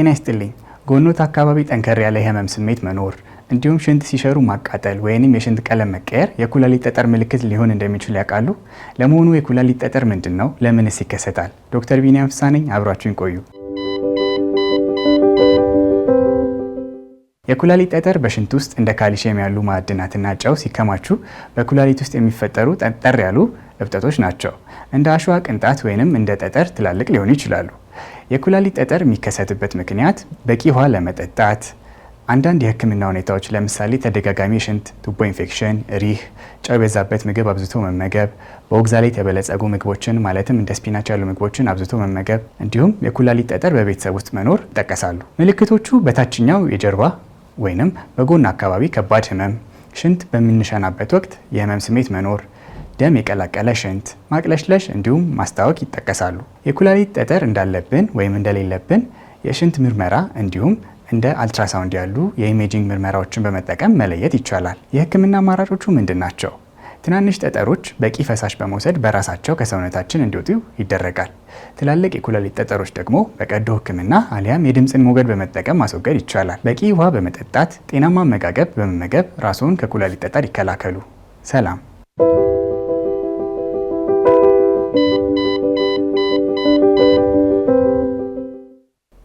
ጤና ይስጥልኝ። ጎኖት አካባቢ ጠንከር ያለ የህመም ስሜት መኖር እንዲሁም ሽንት ሲሸሩ ማቃጠል ወይም የሽንት ቀለም መቀየር የኩላሊት ጠጠር ምልክት ሊሆን እንደሚችል ያውቃሉ? ለመሆኑ የኩላሊት ጠጠር ምንድን ነው? ለምንስ ይከሰታል? ዶክተር ቢኒያም ፍሳነኝ አብሯችሁን ቆዩ። የኩላሊት ጠጠር በሽንት ውስጥ እንደ ካልሲየም ያሉ ማዕድናትና ጨው ሲከማቹ በኩላሊት ውስጥ የሚፈጠሩ ጠጠር ያሉ እብጠቶች ናቸው። እንደ አሸዋ ቅንጣት ወይንም እንደ ጠጠር ትላልቅ ሊሆኑ ይችላሉ። የኩላሊት ጠጠር የሚከሰትበት ምክንያት በቂ ውሃ ለመጠጣት አንዳንድ የህክምና ሁኔታዎች ለምሳሌ ተደጋጋሚ የሽንት ቱቦ ኢንፌክሽን፣ ሪህ፣ ጨው የበዛበት ምግብ አብዝቶ መመገብ፣ በኦግዛሌት የበለጸጉ ምግቦችን ማለትም እንደ ስፒናች ያሉ ምግቦችን አብዝቶ መመገብ እንዲሁም የኩላሊት ጠጠር በቤተሰብ ውስጥ መኖር ይጠቀሳሉ። ምልክቶቹ በታችኛው የጀርባ ወይንም በጎን አካባቢ ከባድ ህመም፣ ሽንት በምንሸናበት ወቅት የህመም ስሜት መኖር፣ ደም የቀላቀለ ሽንት፣ ማቅለሽለሽ እንዲሁም ማስታወክ ይጠቀሳሉ። የኩላሊት ጠጠር እንዳለብን ወይም እንደሌለብን የሽንት ምርመራ እንዲሁም እንደ አልትራሳውንድ ያሉ የኢሜጂንግ ምርመራዎችን በመጠቀም መለየት ይቻላል። የህክምና አማራጮቹ ምንድን ናቸው? ትናንሽ ጠጠሮች በቂ ፈሳሽ በመውሰድ በራሳቸው ከሰውነታችን እንዲወጡ ይደረጋል። ትላልቅ የኩላሊት ጠጠሮች ደግሞ በቀዶ ህክምና አሊያም የድምፅን ሞገድ በመጠቀም ማስወገድ ይቻላል። በቂ ውሃ በመጠጣት ጤናማ አመጋገብ በመመገብ ራስዎን ከኩላሊት ጠጠር ይከላከሉ። ሰላም